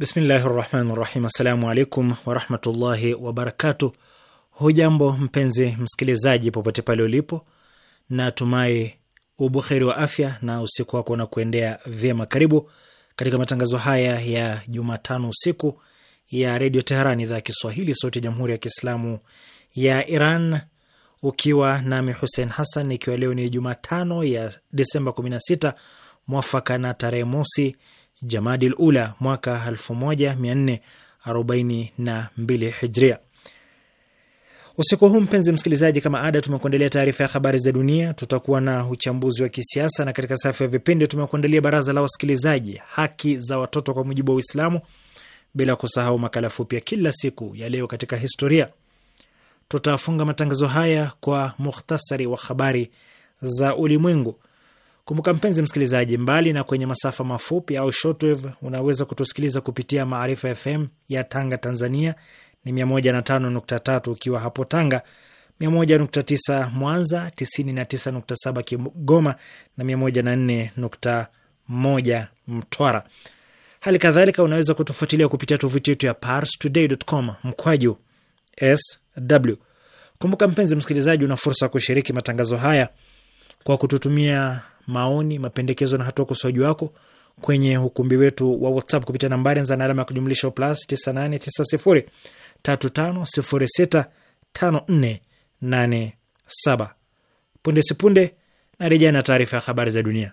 Bismillahi rahmani rahim. Assalamu alaikum warahmatullahi wabarakatu. Hujambo mpenzi msikilizaji, popote pale ulipo, na tumai ubuheri wa afya na usiku wako na kuendea vyema. Karibu katika matangazo haya ya Jumatano usiku ya Redio Teheran, idhaa ya Kiswahili, sauti ya Jamhuri ya Kiislamu ya Iran, ukiwa nami Hussein Hassan, ikiwa leo ni Jumatano ya Desemba 16 mwafaka na tarehe mosi Jamadil Ula mwaka 1442 Hijria. Usiku huu mpenzi msikilizaji, kama ada, tumekuandalia taarifa ya habari za dunia, tutakuwa na uchambuzi wa kisiasa, na katika safu ya vipindi tumekuandalia baraza la wasikilizaji, haki za watoto kwa mujibu wa Uislamu, bila kusahau makala fupi ya kila siku ya leo katika historia. Tutafunga matangazo haya kwa mukhtasari wa habari za ulimwengu. Kumbuka mpenzi msikilizaji, mbali na kwenye masafa mafupi au shortwave, unaweza kutusikiliza kupitia Maarifa FM ya Tanga, Tanzania ni 105.3 ukiwa hapo Tanga, 101.9 Mwanza, 99.7 Kigoma na 104.1 Mtwara. Hali kadhalika unaweza kutufuatilia kupitia tovuti yetu ya parstoday.com mkwaju sw. Kumbuka mpenzi msikilizaji, una fursa ya kushiriki matangazo haya kwa kututumia maoni, mapendekezo na hatua ukosoaji wako kwenye ukumbi wetu wa WhatsApp kupitia nambari anza na alama ya kujumlisha plus 989035065487. Punde sipunde na rejea na taarifa ya habari za dunia.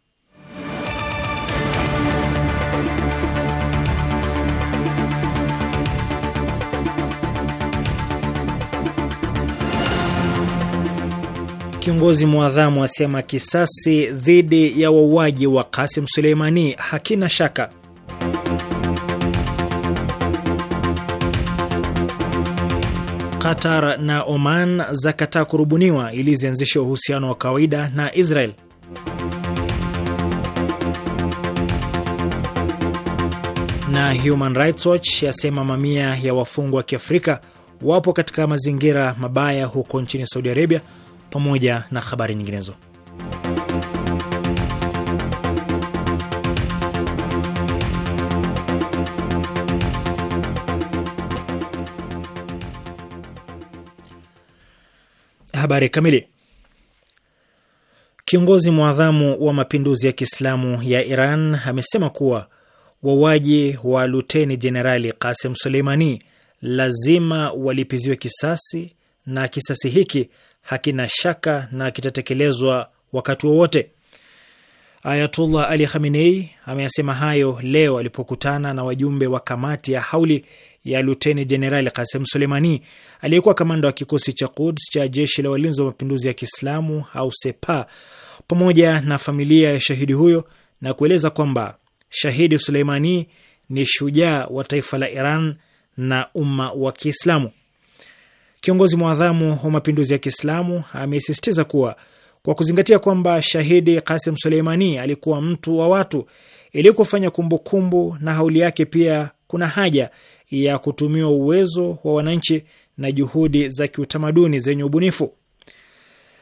Kiongozi mwadhamu asema kisasi dhidi ya wauaji wa Kasim Suleimani hakina shaka. Qatar na Oman zakataa kurubuniwa ili zianzishe uhusiano wa kawaida na Israel. Na Human Rights Watch yasema mamia ya wafungwa wa Kiafrika wapo katika mazingira mabaya huko nchini Saudi Arabia pamoja na habari nyinginezo. Habari kamili. Kiongozi mwadhamu wa mapinduzi ya Kiislamu ya Iran amesema kuwa wauaji wa luteni jenerali Qasim Suleimani lazima walipiziwe kisasi na kisasi hiki hakina shaka na kitatekelezwa wakati wowote. Ayatullah Ali Khamenei ameyasema hayo leo alipokutana na wajumbe wa kamati ya hauli ya luteni jenerali Kasem Suleimani aliyekuwa kamanda wa kikosi cha Quds cha jeshi la walinzi wa mapinduzi ya Kiislamu au Sepa pamoja na familia ya shahidi huyo na kueleza kwamba shahidi Suleimani ni shujaa wa taifa la Iran na umma wa Kiislamu. Kiongozi mwadhamu wa mapinduzi ya Kiislamu amesisitiza kuwa kwa kuzingatia kwamba shahidi Kasim Suleimani alikuwa mtu wa watu, ili kufanya kumbukumbu na hauli yake, pia kuna haja ya kutumiwa uwezo wa wananchi na juhudi za kiutamaduni zenye ubunifu.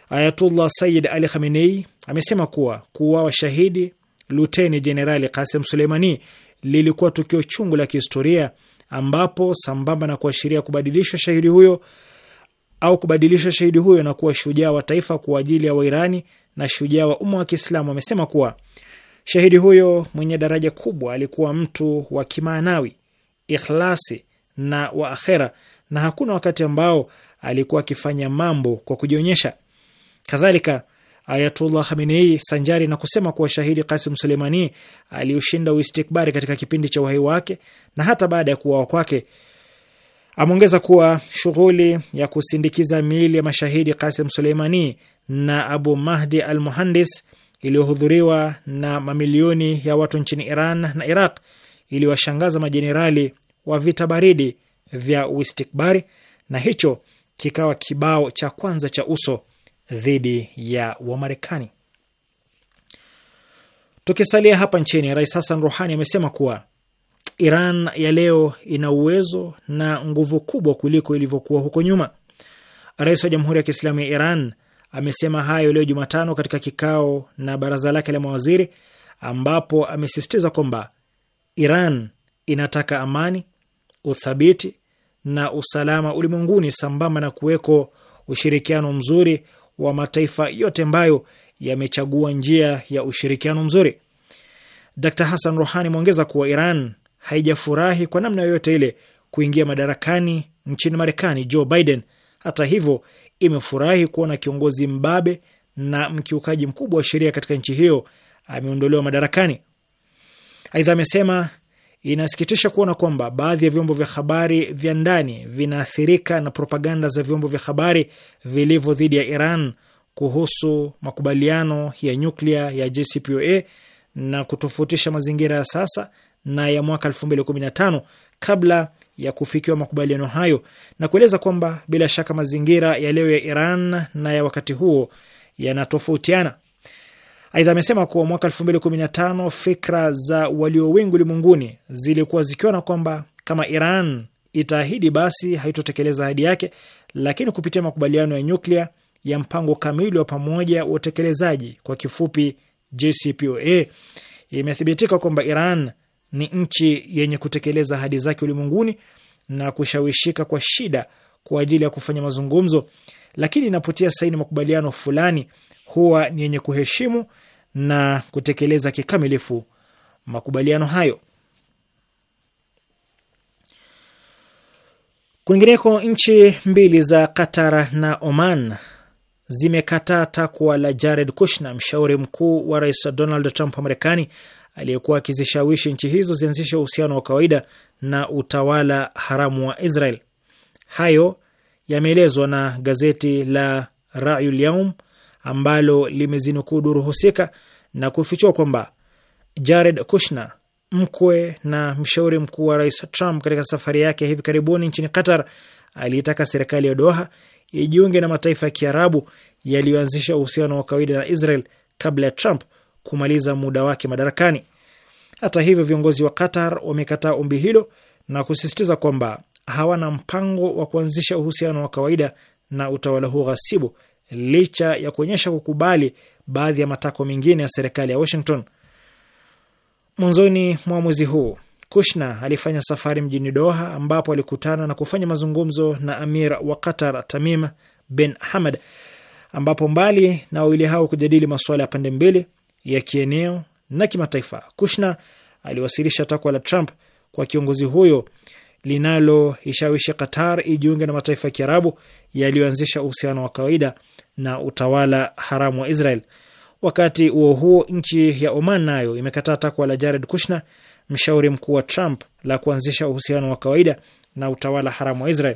Ayatullah Sayyid Ali Khamenei amesema kuwa kuuawa shahidi Luteni Jenerali Kasim Suleimani lilikuwa tukio chungu la kihistoria ambapo sambamba na kuashiria kubadilishwa shahidi huyo au kubadilisha shahidi huyo na kuwa shujaa wa taifa kwa ajili ya Wairani na shujaa wa umma wa Kiislamu, amesema kuwa shahidi huyo mwenye daraja kubwa alikuwa mtu wa kimaanawi, ikhlasi na wa akhera, na hakuna wakati ambao alikuwa akifanya mambo kwa kujionyesha. Kadhalika, Ayatullah Khamenei, sanjari na kusema kuwa shahidi Kasim Suleimani aliushinda uistikbari katika kipindi cha uhai wake na hata baada ya kuuawa kwake Ameongeza kuwa shughuli ya kusindikiza miili ya mashahidi Kasim Suleimani na Abu Mahdi al Muhandis iliyohudhuriwa na mamilioni ya watu nchini Iran na Iraq iliwashangaza majenerali wa vita baridi vya uistikbari, na hicho kikawa kibao cha kwanza cha uso dhidi ya Wamarekani. Tukisalia hapa nchini, Rais Hassan Ruhani amesema kuwa Iran ya leo ina uwezo na nguvu kubwa kuliko ilivyokuwa huko nyuma. Rais wa Jamhuri ya Kiislamu ya Iran amesema hayo leo Jumatano katika kikao na baraza lake la mawaziri, ambapo amesisitiza kwamba Iran inataka amani, uthabiti na usalama ulimwenguni sambamba na kuweko ushirikiano mzuri wa mataifa yote ambayo yamechagua njia ya ushirikiano mzuri. Dr Hassan Rohani ameongeza kuwa Iran haijafurahi kwa namna yoyote ile kuingia madarakani nchini Marekani Joe Biden. Hata hivyo, imefurahi kuona kiongozi mbabe na mkiukaji mkubwa wa sheria katika nchi hiyo ameondolewa madarakani. Aidha, amesema inasikitisha kuona kwamba baadhi ya vyombo vya habari vya ndani vinaathirika na propaganda za vyombo vya habari vilivyo dhidi ya Iran kuhusu makubaliano ya nyuklia ya JCPOA na kutofautisha mazingira ya sasa na ya mwaka 2015 kabla ya kufikiwa makubaliano hayo, na kueleza kwamba bila shaka mazingira ya leo ya Iran na ya wakati huo yanatofautiana. Aidha, amesema kuwa mwaka 2015 fikra za walio wengi ulimwenguni zilikuwa zikiona kwamba kama Iran itaahidi basi haitotekeleza ahadi yake, lakini kupitia makubaliano ya nyuklia ya mpango kamili wa pamoja wa utekelezaji, kwa kifupi JCPOA, imethibitika kwamba Iran ni nchi yenye kutekeleza ahadi zake ulimwenguni na kushawishika kwa shida kwa ajili ya kufanya mazungumzo, lakini inapotia saini makubaliano fulani huwa ni yenye kuheshimu na kutekeleza kikamilifu makubaliano hayo. Kwingineko, nchi mbili za Qatar na Oman zimekataa takwa la Jared Kushner, mshauri mkuu wa rais Donald Trump wa Marekani, aliyekuwa akizishawishi nchi hizo zianzishe uhusiano wa kawaida na utawala haramu wa Israel. Hayo yameelezwa na gazeti la Rayul Yaum ambalo limezinukuu duru husika na kufichua kwamba Jared Kushner, mkwe na mshauri mkuu wa Rais Trump, katika safari yake hivi karibuni nchini Qatar, aliitaka serikali ya Doha ijiunge na mataifa ya Kiarabu yaliyoanzisha uhusiano wa kawaida na Israel kabla ya Trump kumaliza muda wake madarakani. Hata hivyo, viongozi wa Qatar wamekataa ombi hilo na kusisitiza kwamba hawana mpango wa kuanzisha uhusiano wa kawaida na utawala huo ghasibu, licha ya kuonyesha kukubali baadhi ya matakwa mengine ya serikali ya Washington. Mwanzoni mwa mwezi huu Kushna alifanya safari mjini Doha ambapo alikutana na kufanya mazungumzo na amir wa Qatar Tamim bin Hamad, ambapo mbali na wawili hao kujadili masuala ya pande mbili, ya kieneo na kimataifa. Kushna aliwasilisha takwa la Trump kwa kiongozi huyo linaloishawishi Qatar ijiunge na mataifa ya Kiarabu yaliyoanzisha uhusiano wa kawaida na utawala haramu wa Israel. Wakati huo huo, nchi ya Oman nayo imekataa takwa la Jared Kushner, mshauri mkuu wa Trump, la kuanzisha uhusiano wa kawaida na utawala haramu wa Israel.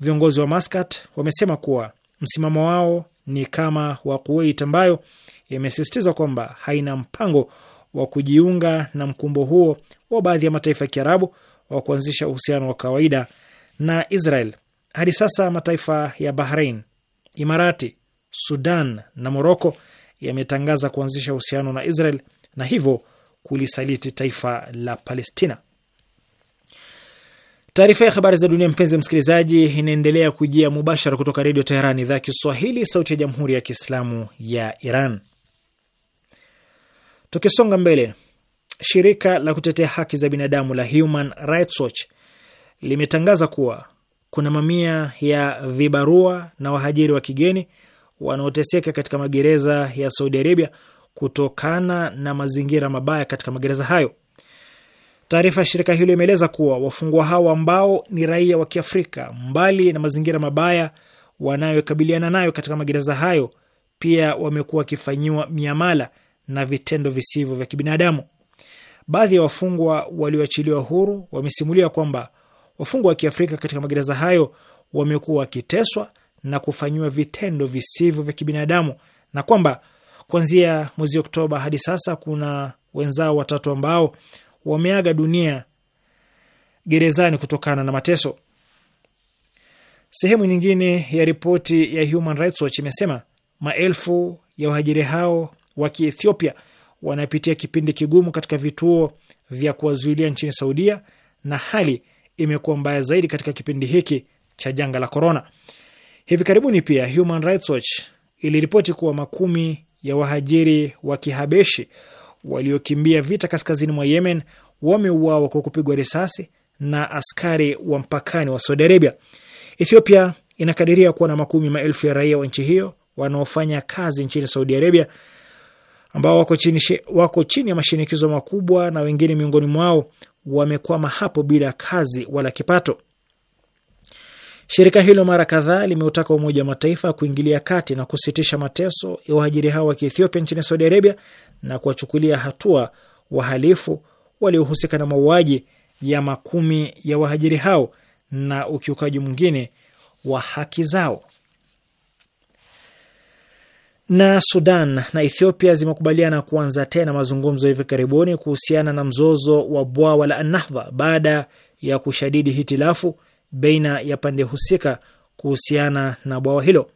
Viongozi wa Maskat wamesema kuwa msimamo wao ni kama wa Kuwait ambayo imesisitiza kwamba haina mpango wa kujiunga na mkumbo huo wa baadhi ya mataifa ya Kiarabu wa kuanzisha uhusiano wa kawaida na Israel. Hadi sasa mataifa ya Bahrain, Imarati, Sudan na Moroko yametangaza kuanzisha uhusiano na Israel na hivyo kulisaliti taifa la Palestina. Taarifa ya habari za dunia, mpenzi msikilizaji, inaendelea kujia mubashara kutoka Redio Teheran, idhaa Kiswahili, sauti ya jamhuri ya kiislamu ya Iran. Tukisonga mbele, shirika la kutetea haki za binadamu la Human Rights Watch limetangaza kuwa kuna mamia ya vibarua na wahajiri wa kigeni wanaoteseka katika magereza ya Saudi Arabia kutokana na mazingira mabaya katika magereza hayo. Taarifa ya shirika hilo imeeleza kuwa wafungwa hao ambao ni raia wa Kiafrika, mbali na mazingira mabaya wanayokabiliana nayo katika magereza hayo, pia wamekuwa wakifanyiwa miamala na vitendo visivyo vya kibinadamu. Baadhi ya wafungwa walioachiliwa huru wamesimulia kwamba wafungwa wa Kiafrika katika magereza hayo wamekuwa wakiteswa na kufanyiwa vitendo visivyo vya kibinadamu na kwamba kuanzia mwezi Oktoba hadi sasa kuna wenzao watatu ambao wameaga dunia gerezani kutokana na mateso. Sehemu nyingine ya ripoti ya Human Rights Watch imesema maelfu ya wahajiri hao wa Kiethiopia wanapitia kipindi kigumu katika vituo vya kuwazuilia nchini Saudia, na hali imekuwa mbaya zaidi katika kipindi hiki cha janga la korona. Hivi karibuni pia Human Rights Watch iliripoti kuwa makumi ya wahajiri wa Kihabeshi waliokimbia vita kaskazini mwa Yemen wameuawa kwa kupigwa risasi na askari wa mpakani wa Saudi Arabia. Ethiopia inakadiria kuwa na makumi maelfu ya raia wa nchi hiyo wanaofanya kazi nchini Saudi Arabia ambao wako chini, wako chini ya mashinikizo makubwa na wengine miongoni mwao wamekwama hapo bila kazi wala kipato. Shirika hilo mara kadhaa limeutaka Umoja wa Mataifa kuingilia kati na kusitisha mateso ya wahajiri hao wa Kiethiopia nchini Saudi Arabia na kuwachukulia hatua wahalifu waliohusika na mauaji ya makumi ya wahajiri hao na ukiukaji mwingine wa haki zao. Na Sudan na Ethiopia zimekubaliana kuanza tena mazungumzo hivi karibuni kuhusiana na mzozo wa bwawa la Nahdha baada ya kushadidi hitilafu baina ya pande husika kuhusiana na bwawa hilo.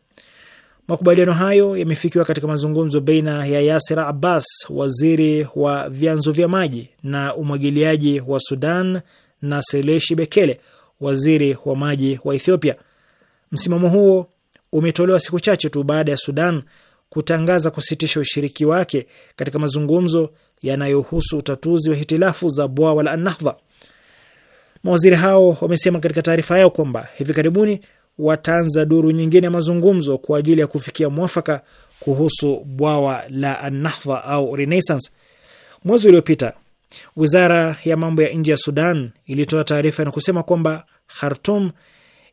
Makubaliano hayo yamefikiwa katika mazungumzo baina ya Yasir Abbas, waziri wa vyanzo vya maji na umwagiliaji wa Sudan, na Seleshi Bekele, waziri wa maji wa Ethiopia. Msimamo huo umetolewa siku chache tu baada ya Sudan kutangaza kusitisha ushiriki wake katika mazungumzo yanayohusu utatuzi wa hitilafu za bwawa la Nahdha. Mawaziri hao wamesema katika taarifa yao kwamba hivi karibuni wataanza duru nyingine ya mazungumzo kwa ajili ya kufikia mwafaka kuhusu bwawa la Nahdha au Renaissance. Mwezi uliopita wizara ya mambo ya nje ya Sudan ilitoa taarifa na kusema kwamba Khartum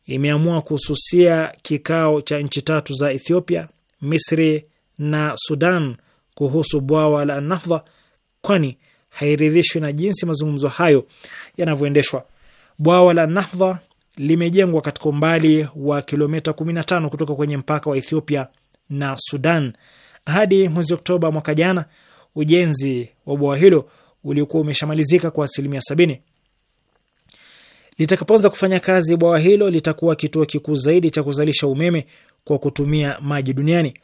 imeamua kususia kikao cha nchi tatu za Ethiopia, Misri na Sudan kuhusu bwawa la Nahdha, kwani hairidhishwi na jinsi mazungumzo hayo yanavyoendeshwa. Bwawa la Nahdha limejengwa katika umbali wa kilomita 15 kutoka kwenye mpaka wa Ethiopia na Sudan. Hadi mwezi Oktoba mwaka jana, ujenzi wa bwawa hilo ulikuwa umeshamalizika kwa asilimia sabini. Litakapoanza kufanya kazi, bwawa hilo litakuwa kituo kikuu zaidi cha kuzalisha umeme kwa kutumia maji duniani.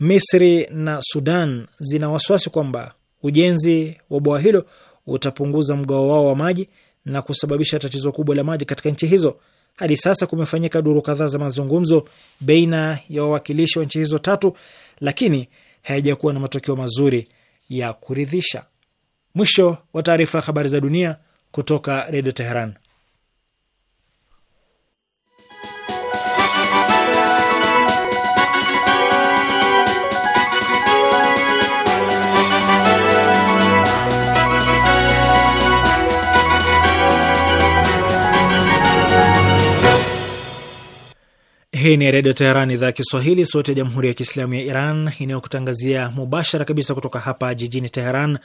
Misri na Sudan zina wasiwasi kwamba ujenzi wa bwawa hilo utapunguza mgao wao wa maji na kusababisha tatizo kubwa la maji katika nchi hizo. Hadi sasa kumefanyika duru kadhaa za mazungumzo baina ya wawakilishi wa nchi hizo tatu, lakini hayajakuwa na matokeo mazuri ya kuridhisha. Mwisho wa taarifa ya habari za dunia kutoka Redio Teheran. Hii ni Redio Teheran, idhaa ya Kiswahili, sauti ya Jamhuri ya Kiislamu ya Iran inayokutangazia mubashara kabisa kutoka hapa jijini Teheran.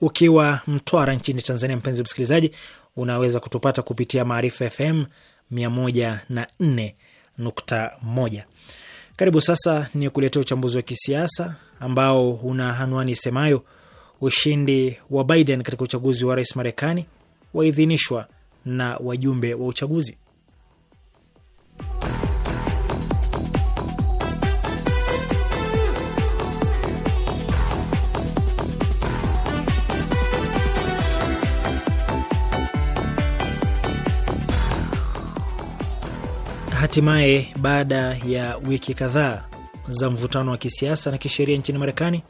Ukiwa Mtwara nchini Tanzania, mpenzi msikilizaji, unaweza kutupata kupitia Maarifa FM 104.1. Karibu sasa ni kuletea uchambuzi wa kisiasa ambao una anwani isemayo ushindi wa Biden katika uchaguzi wa rais Marekani waidhinishwa na wajumbe wa uchaguzi. Hatimaye, baada ya wiki kadhaa za mvutano wa kisiasa na kisheria nchini Marekani,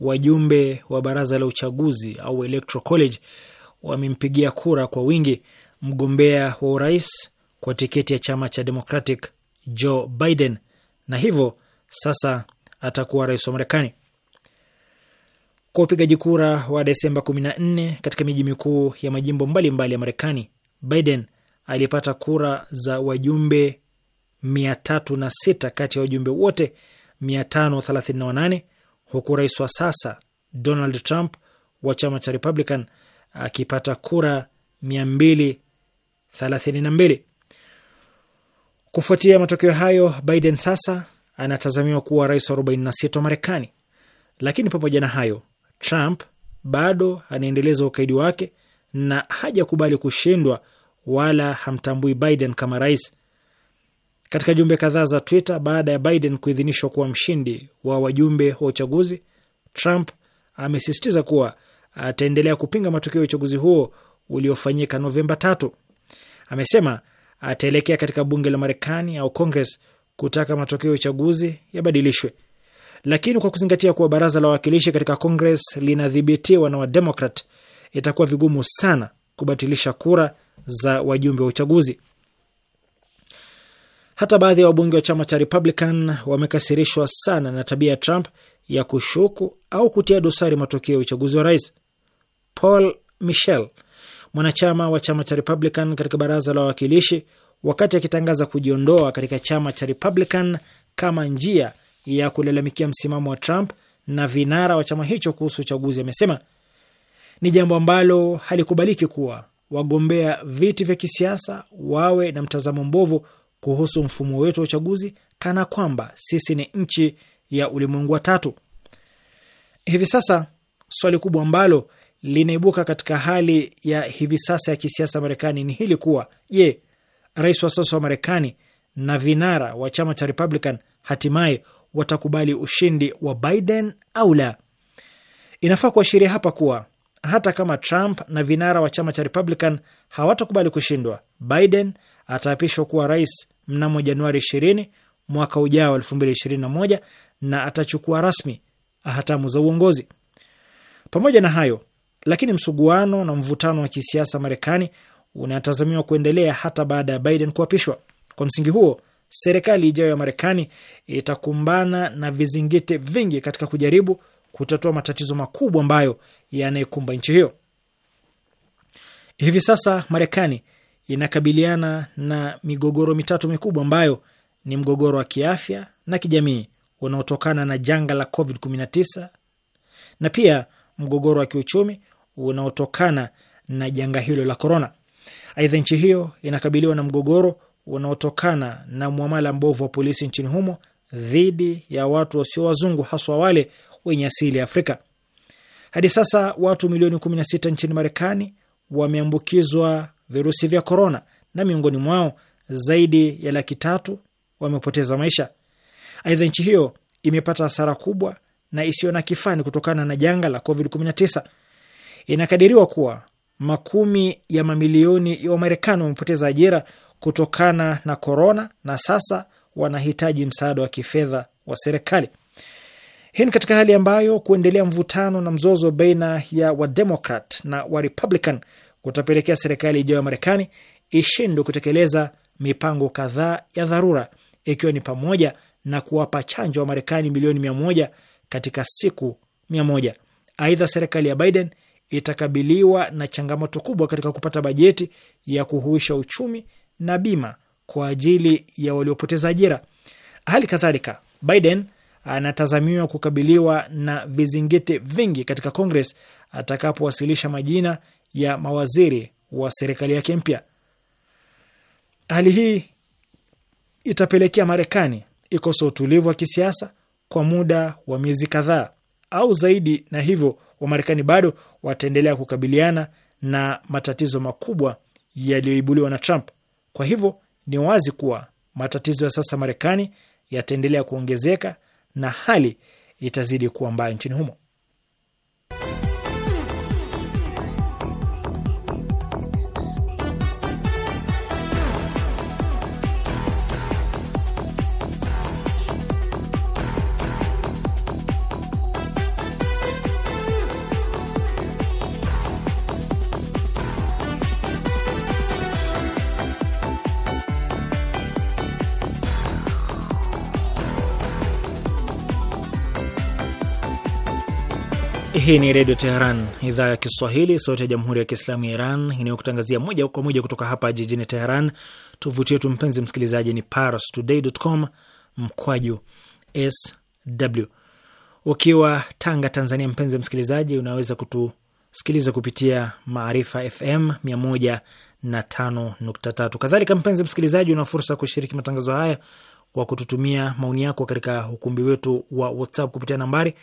wajumbe wa baraza la uchaguzi au Electoral College wamempigia kura kwa wingi mgombea wa urais kwa tiketi ya chama cha Democratic Joe Biden, na hivyo sasa atakuwa rais wa Marekani. Kwa upigaji kura wa Desemba 14 katika miji mikuu ya majimbo mbalimbali mbali ya Marekani, Biden alipata kura za wajumbe 306 kati ya wajumbe wote 538 huku rais wa sasa Donald Trump wa chama cha Republican akipata kura 232. Kufuatia matokeo hayo, Biden sasa anatazamiwa kuwa rais wa 46 wa Marekani. Lakini pamoja na hayo, Trump bado anaendeleza ukaidi wake na hajakubali kushindwa wala hamtambui Biden kama rais katika jumbe kadhaa za Twitter baada ya Biden kuidhinishwa kuwa mshindi wa wajumbe wa uchaguzi. Trump amesisitiza kuwa ataendelea kupinga matokeo ya uchaguzi huo uliofanyika Novemba tatu. Amesema ataelekea katika bunge la Marekani au Congress kutaka matokeo ya uchaguzi yabadilishwe, lakini kwa kuzingatia kuwa baraza la wawakilishi katika Congress linadhibitiwa na Wademokrat, itakuwa vigumu sana kubatilisha kura za wajumbe wa uchaguzi. Hata baadhi ya wabunge wa chama cha Republican wamekasirishwa sana na tabia ya Trump ya kushuku au kutia dosari matokeo ya uchaguzi wa rais. Paul Michel, mwanachama wa chama cha Republican katika baraza la wawakilishi, wakati akitangaza kujiondoa katika chama cha Republican kama njia ya kulalamikia msimamo wa Trump na vinara wa chama hicho kuhusu uchaguzi, amesema ni jambo ambalo halikubaliki kuwa wagombea viti vya kisiasa wawe na mtazamo mbovu kuhusu mfumo wetu wa uchaguzi kana kwamba sisi ni nchi ya ulimwengu wa tatu. Hivi sasa swali kubwa ambalo linaibuka katika hali ya hivi sasa ya kisiasa Marekani ni hili kuwa, je, rais wa sasa wa Marekani na vinara wa chama cha Republican hatimaye watakubali ushindi wa Biden au la? Inafaa kuashiria hapa kuwa hata kama Trump na vinara wa chama cha Republican hawatakubali kushindwa, Biden ataapishwa kuwa rais mnamo Januari 20 mwaka ujao 2021 na atachukua rasmi hatamu za uongozi. Pamoja na hayo lakini, msuguano na mvutano wa kisiasa Marekani unatazamiwa kuendelea hata baada ya Biden kuapishwa. Kwa msingi huo, serikali ijayo ya Marekani itakumbana na vizingiti vingi katika kujaribu kutatua matatizo makubwa ambayo yanayekumba nchi hiyo hivi sasa. Marekani inakabiliana na migogoro mitatu mikubwa ambayo ni mgogoro wa kiafya na kijamii unaotokana na janga la COVID-19 na pia mgogoro wa kiuchumi unaotokana na janga hilo la korona. Aidha, nchi hiyo inakabiliwa na mgogoro unaotokana na mwamala mbovu wa polisi nchini humo dhidi ya watu wasio wazungu, haswa wale wenye asili ya Afrika. Hadi sasa watu milioni 16 nchini Marekani wameambukizwa virusi vya korona, na miongoni mwao zaidi ya laki tatu wamepoteza maisha. Aidha, nchi hiyo imepata hasara kubwa na isiyo na kifani kutokana na janga la COVID-19. Inakadiriwa kuwa makumi ya mamilioni ya Wamarekani wamepoteza ajira kutokana na korona na sasa wanahitaji msaada wa kifedha wa serikali. Hii ni katika hali ambayo kuendelea mvutano na mzozo baina ya Wademokrat na Warepublican kutapelekea serikali ijayo ya Marekani ishindwe kutekeleza mipango kadhaa ya dharura, ikiwa ni pamoja na kuwapa chanjo wa Marekani milioni mia moja katika siku mia moja. Aidha, serikali ya Biden itakabiliwa na changamoto kubwa katika kupata bajeti ya kuhuisha uchumi na bima kwa ajili ya waliopoteza ajira. Hali kadhalika, Biden anatazamiwa kukabiliwa na vizingiti vingi katika Kongres atakapowasilisha majina ya mawaziri wa serikali yake mpya. Hali hii itapelekea Marekani ikosa utulivu wa kisiasa kwa muda wa miezi kadhaa au zaidi, na hivyo Wamarekani bado wataendelea kukabiliana na matatizo makubwa yaliyoibuliwa na Trump. Kwa hivyo ni wazi kuwa matatizo ya sasa Marekani yataendelea kuongezeka na hali itazidi kuwa mbaya nchini humo. Hii ni Redio Teheran, idhaa ya Kiswahili, sauti ya Jamhuri ya Kiislamu ya Iran inayokutangazia moja kwa moja kutoka hapa jijini Teheran. Tovuti yetu mpenzi msikilizaji ni parstoday.com mkwaju sw. Ukiwa Tanga, Tanzania, mpenzi msikilizaji, unaweza kutusikiliza kupitia Maarifa FM 105.3. Kadhalika mpenzi msikilizaji, una fursa ya kushiriki matangazo haya kwa kututumia maoni yako katika ukumbi wetu wa WhatsApp kupitia nambari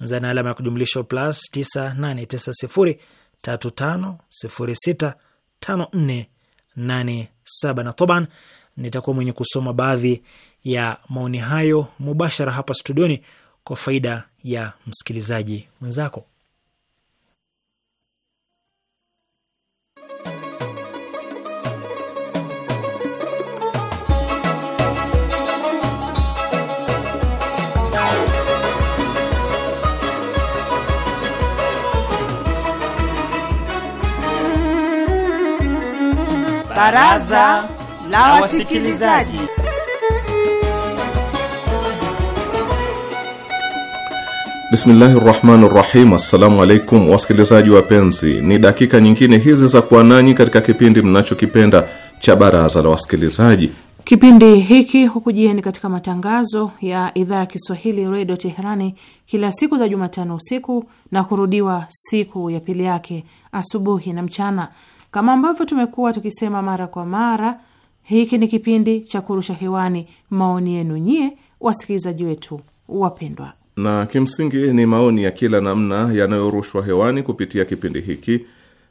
anza na alama ya kujumlisha plus 989035065487 na toban, nitakuwa mwenye kusoma baadhi ya maoni hayo mubashara hapa studioni kwa faida ya msikilizaji mwenzako. Baraza la Wasikilizaji. Bismillahi rahmani rahim. Assalamu alaikum wasikilizaji wapenzi, ni dakika nyingine hizi za kuwa nanyi katika kipindi mnachokipenda cha Baraza la Wasikilizaji. Kipindi hiki hukujieni katika matangazo ya idhaa ya Kiswahili redio Teherani kila siku za Jumatano usiku na kurudiwa siku ya pili yake asubuhi na mchana. Kama ambavyo tumekuwa tukisema mara kwa mara, hiki ni kipindi cha kurusha hewani maoni yenu nyie wasikilizaji wetu wapendwa, na kimsingi ni maoni ya kila namna yanayorushwa hewani kupitia kipindi hiki.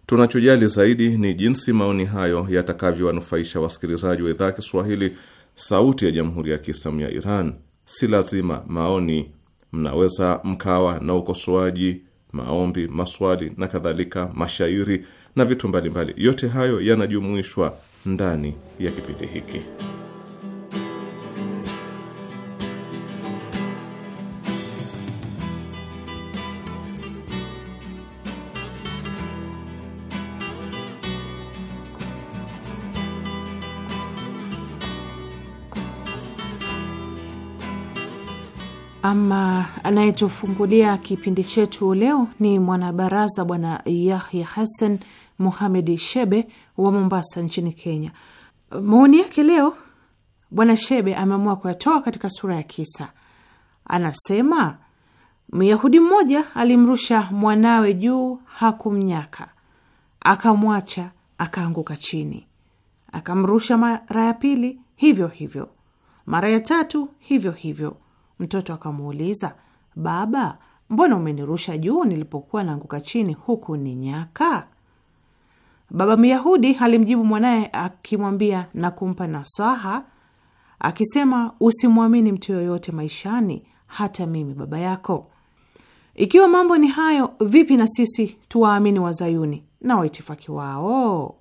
Tunachojali zaidi ni jinsi maoni hayo yatakavyowanufaisha wasikilizaji wa idhaa Kiswahili, Sauti ya Jamhuri ya Kiislamu ya Iran. Si lazima maoni, mnaweza mkawa na ukosoaji, maombi, maswali na kadhalika, mashairi na vitu mbalimbali mbali. Yote hayo yanajumuishwa ndani ya kipindi hiki. Ama anayetufungulia kipindi chetu leo ni mwanabaraza Bwana Yahya Hassan Mohamed Shebe wa Mombasa nchini Kenya. Maoni yake leo, Bwana Shebe ameamua kuyatoa katika sura ya kisa. Anasema Myahudi mmoja alimrusha mwanawe juu, hakumnyaka, akamwacha akaanguka chini, akamrusha mara ya pili hivyo hivyo, mara ya tatu hivyo hivyo. Mtoto akamuuliza, baba, mbona umenirusha juu nilipokuwa naanguka chini huku ni nyaka? Baba Myahudi alimjibu mwanaye akimwambia na kumpa nasaha akisema, usimwamini mtu yoyote maishani, hata mimi baba yako. Ikiwa mambo ni hayo, vipi na sisi tuwaamini wazayuni na waitifaki wao?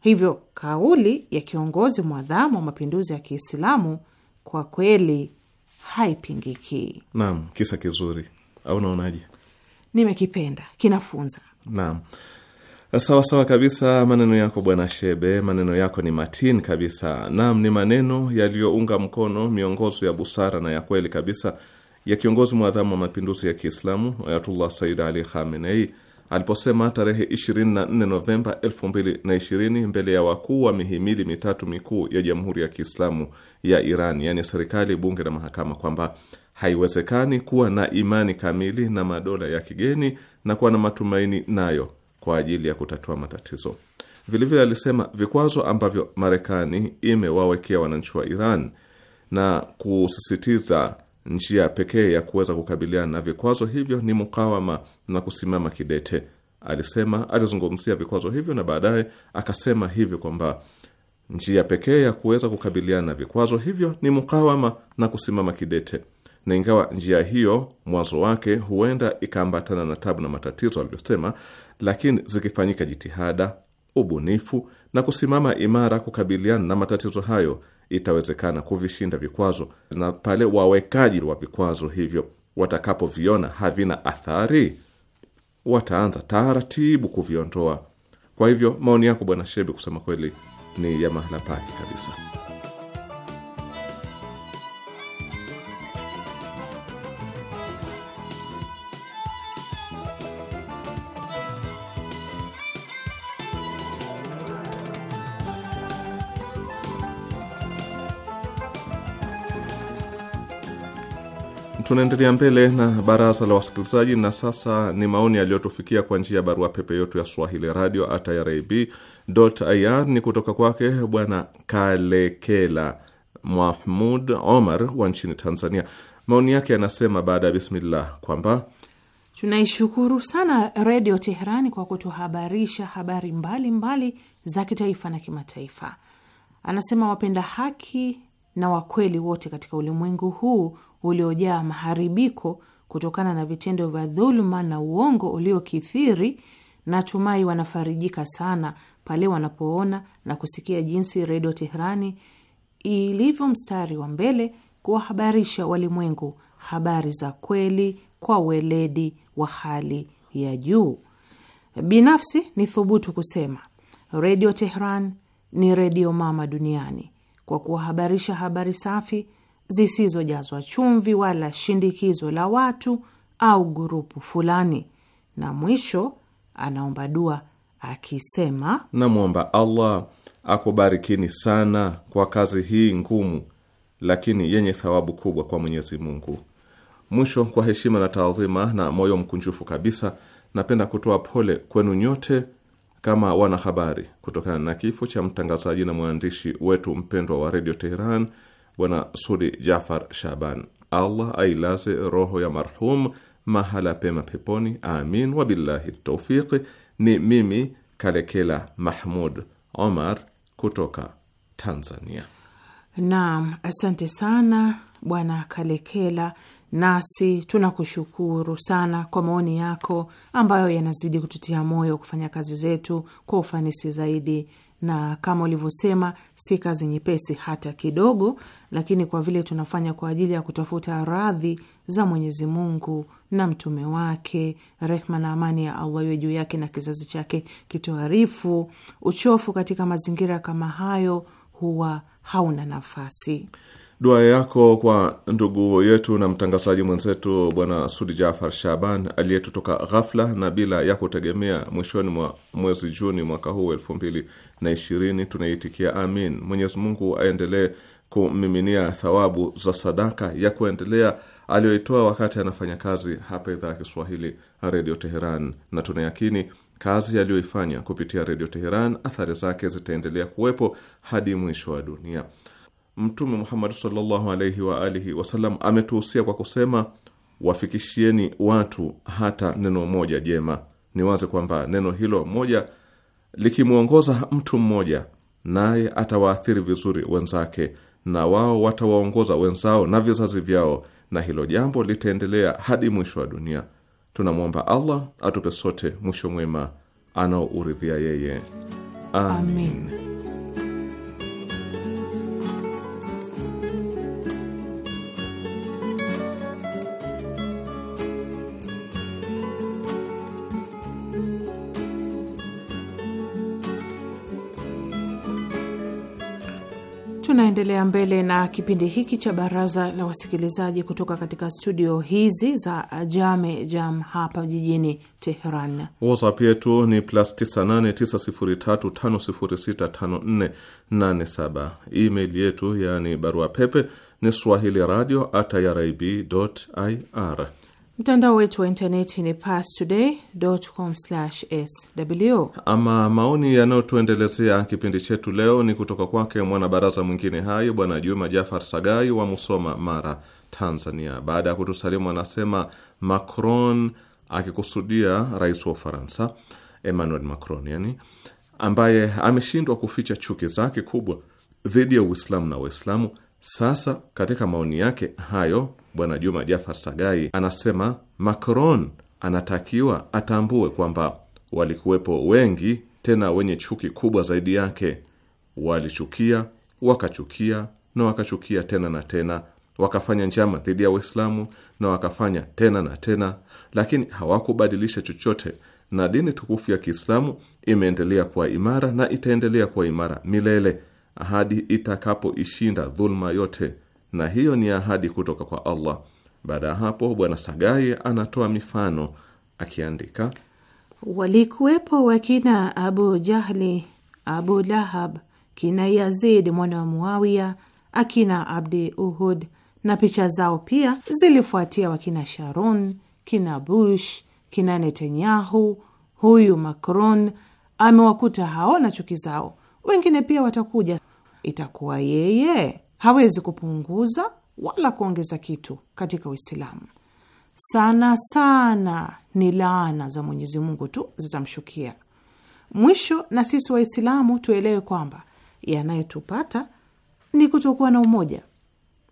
Hivyo kauli ya kiongozi mwadhamu wa mapinduzi ya Kiislamu kwa kweli haipingiki. Naam, kisa kizuri, au unaonaje? Nimekipenda, kinafunza. Naam. Sawasawa sawa kabisa, maneno yako bwana Shebe, maneno yako ni matini kabisa. Naam, ni maneno yaliyounga mkono miongozo ya busara na ya kweli kabisa ya kiongozi mwadhamu wa mapinduzi ya Kiislamu Ayatullah Sayyid Ali Khamenei aliposema tarehe 24 Novemba 2020 mbele ya wakuu wa mihimili mitatu mikuu ya Jamhuri ya Kiislamu ya Iran, yaani serikali, bunge na mahakama, kwamba haiwezekani kuwa na imani kamili na madola ya kigeni na kuwa na matumaini nayo kwa ajili ya kutatua matatizo. Vilevile alisema vikwazo ambavyo Marekani imewawekea wananchi wa Iran na kusisitiza njia pekee ya kuweza kukabiliana na vikwazo hivyo ni mukawama na kusimama kidete. Alisema alizungumzia vikwazo hivyo na baadaye akasema hivi kwamba njia pekee ya kuweza kukabiliana na vikwazo hivyo ni mukawama na kusimama kidete, na ingawa njia hiyo mwanzo wake huenda ikaambatana na tabu na matatizo alivyosema lakini zikifanyika jitihada, ubunifu na kusimama imara kukabiliana na matatizo hayo, itawezekana kuvishinda vikwazo, na pale wawekaji wa vikwazo hivyo watakapoviona havina athari, wataanza taratibu kuviondoa. Kwa hivyo maoni yako Bwana shebi kusema kweli, ni ya mahala pake kabisa. Tunaendelea mbele na baraza la wasikilizaji, na sasa ni maoni yaliyotufikia kwa njia ya barua pepe yetu ya swahili radio at irib.ir. Ni kutoka kwake Bwana Kalekela Mahmud Omar wa nchini Tanzania. Maoni yake yanasema baada ya bismillah kwamba tunaishukuru sana Redio Teherani kwa kutuhabarisha habari mbalimbali mbali za kitaifa na kimataifa. Anasema wapenda haki na wakweli wote katika ulimwengu huu uliojaa maharibiko kutokana na vitendo vya dhuluma na uongo uliokithiri, natumai wanafarijika sana pale wanapoona na kusikia jinsi Redio Teherani ilivyo mstari wa mbele kuwahabarisha walimwengu habari za kweli kwa weledi wa hali ya juu. Binafsi ni thubutu kusema Redio Tehran ni redio mama duniani kwa kuwahabarisha habari safi zisizojazwa chumvi wala shindikizo la watu au gurupu fulani. Na mwisho anaomba dua akisema, namwomba Allah akubarikini sana kwa kazi hii ngumu, lakini yenye thawabu kubwa kwa Mwenyezi Mungu. Mwisho, kwa heshima na taadhima na moyo mkunjufu kabisa, napenda kutoa pole kwenu nyote kama wanahabari kutokana na kifo cha mtangazaji na mwandishi wetu mpendwa wa redio Teheran Bwana Sudi Jafar Shaban. Allah ailaze roho ya marhum mahala pema peponi, amin. Wabillahi taufiqi. Ni mimi Kalekela Mahmud Omar kutoka Tanzania. Naam, asante sana Bwana Kalekela Nasi tunakushukuru sana kwa maoni yako ambayo yanazidi kututia moyo kufanya kazi zetu kwa ufanisi zaidi, na kama ulivyosema, si kazi nyepesi hata kidogo, lakini kwa vile tunafanya kwa ajili ya kutafuta radhi za Mwenyezi Mungu na mtume wake, rehma na amani ya Allah iwe juu yake na kizazi chake kitoarifu, uchofu katika mazingira kama hayo huwa hauna nafasi. Dua yako kwa ndugu yetu na mtangazaji mwenzetu Bwana Sudi Jafar Shaban aliyetutoka ghafla na bila ya kutegemea mwishoni mwa mwezi Juni mwaka huu elfu mbili na ishirini tunaitikia amin. Mwenyezi Mungu aendelee kumiminia thawabu za sadaka ya kuendelea aliyoitoa wakati anafanya kazi hapa idhaa ya Kiswahili Redio Teheran, na tunayakini kazi aliyoifanya kupitia Redio Teheran athari zake zitaendelea kuwepo hadi mwisho wa dunia. Mtume Muhammad sallallahu alaihi wa alihi wasallam ametuhusia kwa kusema, wafikishieni watu hata neno moja jema. Ni wazi kwamba neno hilo moja likimwongoza mtu mmoja, naye atawaathiri vizuri wenzake, na wao watawaongoza wenzao na vizazi vyao, na hilo jambo litaendelea hadi mwisho wa dunia. Tunamwomba Allah atupe sote mwisho mwema anaouridhia yeye. Amin, Amin. Tunaendelea mbele na kipindi hiki cha baraza la wasikilizaji kutoka katika studio hizi za Jame Jam hapa jijini Teheran. WhatsApp yetu ni plus 989035065487. Email yetu yaani barua pepe ni swahili radio at iribir ir Mtandao wetu wa intaneti ni parstoday.com/sw. Ama maoni yanayotuendelezea kipindi chetu leo ni kutoka kwake mwanabaraza mwingine hayo Bwana Juma Jafar Sagai wa Musoma, Mara, Tanzania. Baada ya kutusalimu, anasema Macron akikusudia rais wa Ufaransa Emmanuel Macron yani, ambaye ameshindwa kuficha chuki zake kubwa dhidi ya Uislamu na Waislamu. Sasa katika maoni yake hayo Bwana Juma Jafar Sagai anasema Macron anatakiwa atambue kwamba walikuwepo wengi tena wenye chuki kubwa zaidi yake. Walichukia, wakachukia na wakachukia tena na tena, wakafanya njama dhidi ya Waislamu na wakafanya tena na tena, lakini hawakubadilisha chochote, na dini tukufu ya Kiislamu imeendelea kuwa imara na itaendelea kuwa imara milele hadi itakapoishinda dhuluma yote na hiyo ni ahadi kutoka kwa Allah. Baada ya hapo, Bwana Sagai anatoa mifano akiandika, walikuwepo wakina Abu Jahli, Abu Lahab, kina Yazid mwana wa Muawiya, akina Abdi Uhud na picha zao pia zilifuatia wakina Sharon, kina Bush, kina Netanyahu, huyu Macron amewakuta hao na chuki zao. Wengine pia watakuja, itakuwa yeye hawezi kupunguza wala kuongeza kitu katika Uislamu. Sana sana ni laana za Mwenyezi Mungu tu zitamshukia. Mwisho, na sisi Waislamu tuelewe kwamba yanayotupata ni kutokuwa na umoja.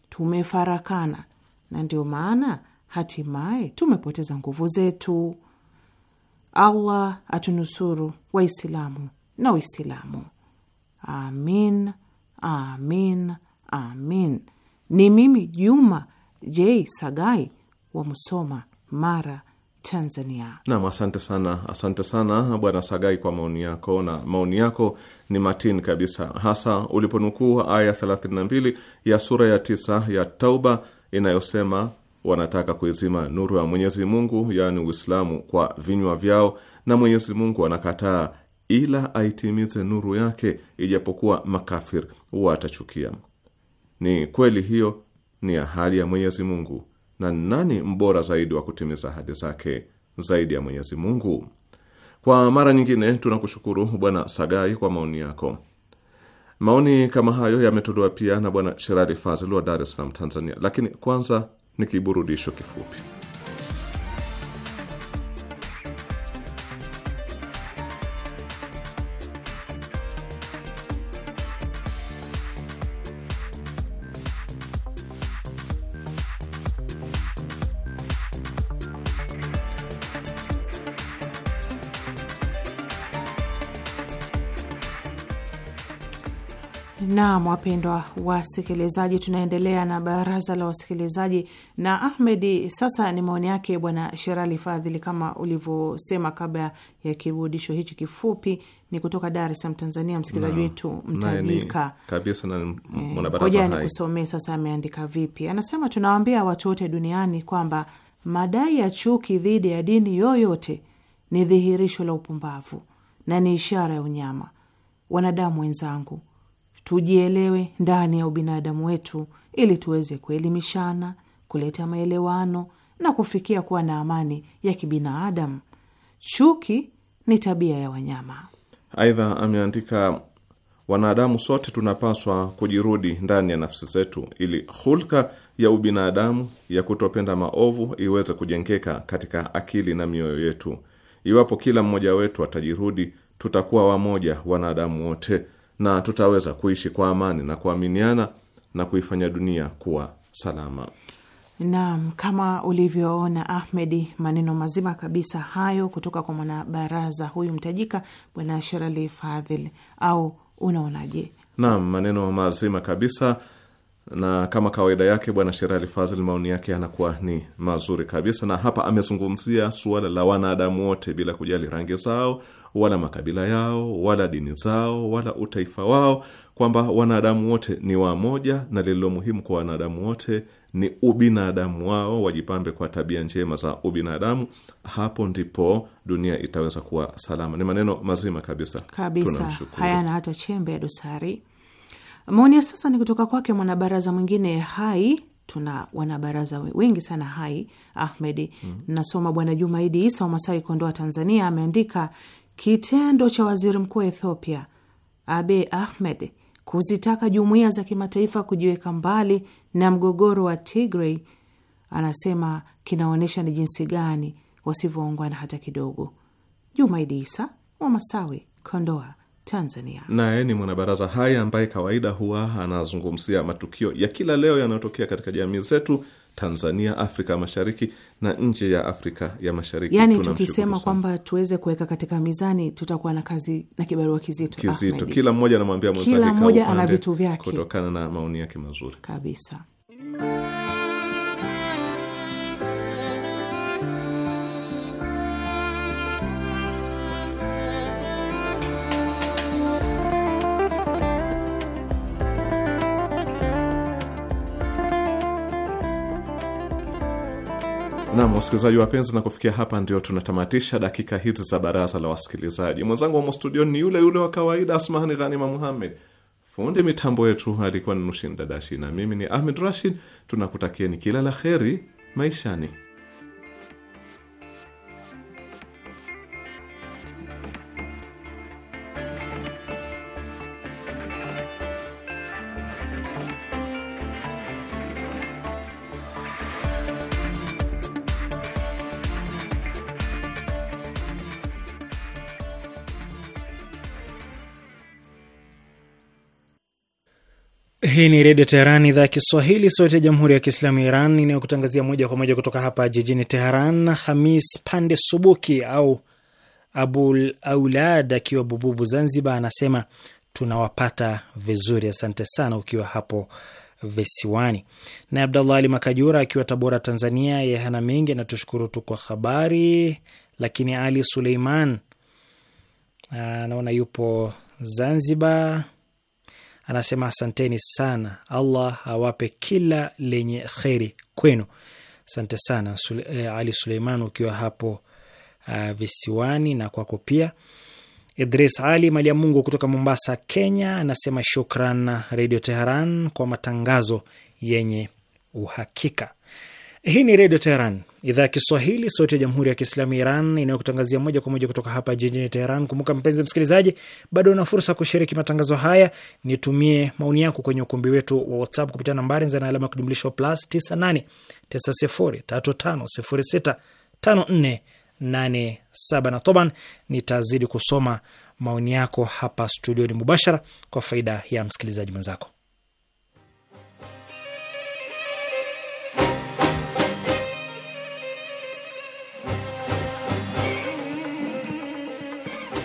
Tumefarakana na ndio maana hatimaye tumepoteza nguvu zetu. Allah atunusuru Waislamu na Uislamu. Amin, amin, Amin. Ni mimi Juma J Sagai wa Musoma, Mara, Tanzania. Nam, asante sana, asante sana Bwana Sagai kwa maoni yako, na maoni yako ni matini kabisa, hasa uliponukuu aya 32 ya sura ya tisa ya Tauba inayosema wanataka kuizima nuru ya Mwenyezi Mungu, yaani Uislamu, kwa vinywa vyao, na Mwenyezi Mungu anakataa ila aitimize nuru yake, ijapokuwa makafir watachukia. Ni kweli hiyo ni ahadi ya Mwenyezi Mungu, na nani mbora zaidi wa kutimiza ahadi zake zaidi ya Mwenyezi Mungu? Kwa mara nyingine tunakushukuru Bwana Sagai kwa maoni yako. Maoni kama hayo yametolewa pia na Bwana Sherali Fazil wa Dar es Salaam, Tanzania, lakini kwanza ni kiburudisho kifupi. Naam, wapendwa wasikilizaji, tunaendelea na baraza la wasikilizaji na Ahmedi. Sasa ni maoni yake Bwana Sherali Fadhili, kama ulivyosema kabla ya kiburudisho hichi kifupi, ni kutoka Dar es Salaam, Tanzania, msikilizaji wetu mtajika kabisa na eh, mwanabaraza hai. nikusomee sasa ameandika vipi. Anasema, tunawaambia watu wote duniani kwamba madai ya chuki dhidi ya dini yoyote ni dhihirisho la upumbavu na ni ishara ya unyama. Wanadamu wenzangu tujielewe ndani ya ubinadamu wetu ili tuweze kuelimishana, kuleta maelewano na kufikia kuwa na amani ya kibinadamu. Chuki ni tabia ya wanyama. Aidha ameandika wanadamu sote tunapaswa kujirudi ndani ya nafsi zetu ili hulka ya ubinadamu ya kutopenda maovu iweze kujengeka katika akili na mioyo yetu. Iwapo kila mmoja wetu atajirudi, tutakuwa wamoja wanadamu wote na tutaweza kuishi kwa amani na kuaminiana na kuifanya dunia kuwa salama. Naam, kama ulivyoona Ahmedi, maneno mazima kabisa hayo kutoka kwa mwanabaraza huyu mtajika Bwana Sherali Fadhil, au unaonaje? Naam, maneno mazima kabisa, na kama kawaida yake Bwana Sherali Fadhil maoni yake yanakuwa ni mazuri kabisa, na hapa amezungumzia suala la wanadamu wote bila kujali rangi zao wala makabila yao wala dini zao wala utaifa wao, kwamba wanadamu wote ni wamoja na lililo muhimu kwa wanadamu wote ni ubinadamu wao, wajipambe kwa tabia njema za ubinadamu. Hapo ndipo dunia itaweza kuwa salama. Ni maneno mazima kabisa kabisa, hayana hata chembe ya dosari. Maoni ya sasa ni kutoka kwake mwanabaraza mwingine hai tuna wanabaraza wengi sana hai Ahmedi. mm -hmm. Nasoma Bwana Jumaidi Isa wa Masai, Kondoa, Tanzania, ameandika Kitendo cha waziri mkuu wa Ethiopia Abe Ahmed kuzitaka jumuiya za kimataifa kujiweka mbali na mgogoro wa Tigray, anasema kinaonyesha ni jinsi gani wasivyoungwana hata kidogo. Jumaidi Isa wa Masawi, Kondoa, Tanzania. Naye ni mwanabaraza haya ambaye kawaida huwa anazungumzia matukio ya kila leo yanayotokea katika jamii zetu Tanzania, Afrika Mashariki na nje ya Afrika ya Mashariki. Yani tukisema kwamba tuweze kuweka katika mizani, tutakuwa na kazi na kibarua kizito kizito. Kila mmoja anamwambia mwenzake, kila mmoja ana vitu vyake, kutokana na maoni yake mazuri kabisa. Nam wasikilizaji wapenzi, na kufikia hapa ndio tunatamatisha dakika hizi za baraza la wasikilizaji. Mwenzangu wamo studioni ni yule yule wa kawaida Asmahani Ghanima Muhammed, fundi mitambo yetu alikuwa ni Nushin Dadashi na mimi ni Ahmed Rashid. Tunakutakieni kila la kheri maishani. Hii ni Redio Teheran, idhaa ya Kiswahili, sauti ya Jamhuri ya Kiislamu ya Iran inayokutangazia moja kwa moja kutoka hapa jijini Teheran. Hamis Pande Subuki au Abul Aulad akiwa Bububu, Zanzibar, anasema tunawapata vizuri. Asante sana ukiwa hapo visiwani. Naye Abdallah Ali Makajura akiwa Tabora, Tanzania, yeye hana mengi, anatushukuru tu kwa habari. Lakini Ali Suleiman anaona yupo Zanzibar anasema asanteni sana, Allah awape kila lenye kheri kwenu. Asante sana eh, Ali Suleiman, ukiwa hapo uh, visiwani na kwako pia. Idris Ali Mali ya Mungu kutoka Mombasa, Kenya, anasema shukran Redio Teheran kwa matangazo yenye uhakika. Hii ni Redio Teheran, idhaa ya Kiswahili, sauti ya jamhuri ya kiislamu ya Iran inayokutangazia moja kwa moja kutoka hapa jijini Teheran. Kumbuka mpenzi msikilizaji, bado una fursa ya kushiriki matangazo haya. Nitumie maoni yako kwenye ukumbi wetu wa WhatsApp kupitia nambari zana alama ya kujumlisha plus 989035065487 na toban, nitazidi kusoma maoni yako hapa studioni mubashara kwa faida ya msikilizaji mwenzako.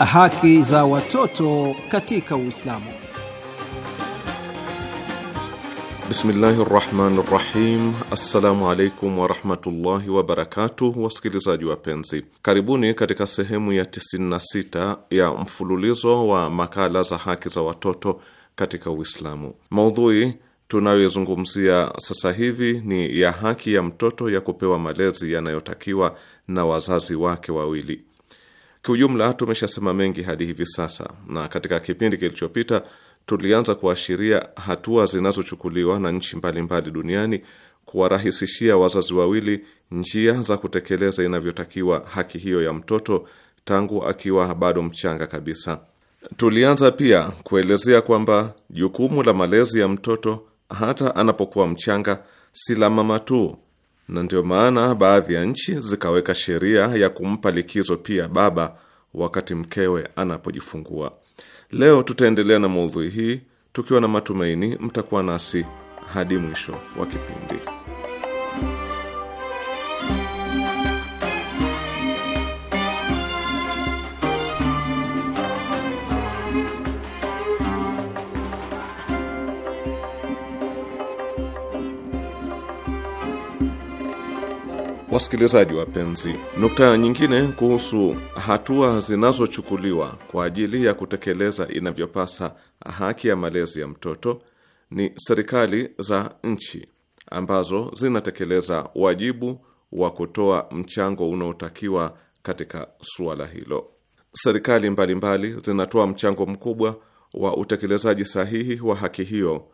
Haki za watoto katika Uislamu. Bismillahi rahmani rahim. Assalamu alaikum warahmatullahi wabarakatuh. Wasikilizaji wapenzi, karibuni katika sehemu ya 96 ya mfululizo wa makala za haki za watoto katika Uislamu. Maudhui tunayoizungumzia sasa hivi ni ya haki ya mtoto ya kupewa malezi yanayotakiwa na wazazi wake wawili. Kiujumla, tumeshasema mengi hadi hivi sasa, na katika kipindi kilichopita tulianza kuashiria hatua zinazochukuliwa na nchi mbalimbali duniani kuwarahisishia wazazi wawili njia za kutekeleza inavyotakiwa haki hiyo ya mtoto tangu akiwa bado mchanga kabisa. Tulianza pia kuelezea kwamba jukumu la malezi ya mtoto hata anapokuwa mchanga si la mama tu, na ndio maana baadhi ya nchi zikaweka sheria ya kumpa likizo pia baba wakati mkewe anapojifungua. Leo tutaendelea na maudhui hii tukiwa na matumaini mtakuwa nasi hadi mwisho wa kipindi. Wasikilizaji wapenzi, nukta nyingine kuhusu hatua zinazochukuliwa kwa ajili ya kutekeleza inavyopasa haki ya malezi ya mtoto ni serikali za nchi ambazo zinatekeleza wajibu wa kutoa mchango unaotakiwa katika suala hilo. Serikali mbalimbali zinatoa mchango mkubwa wa utekelezaji sahihi wa haki hiyo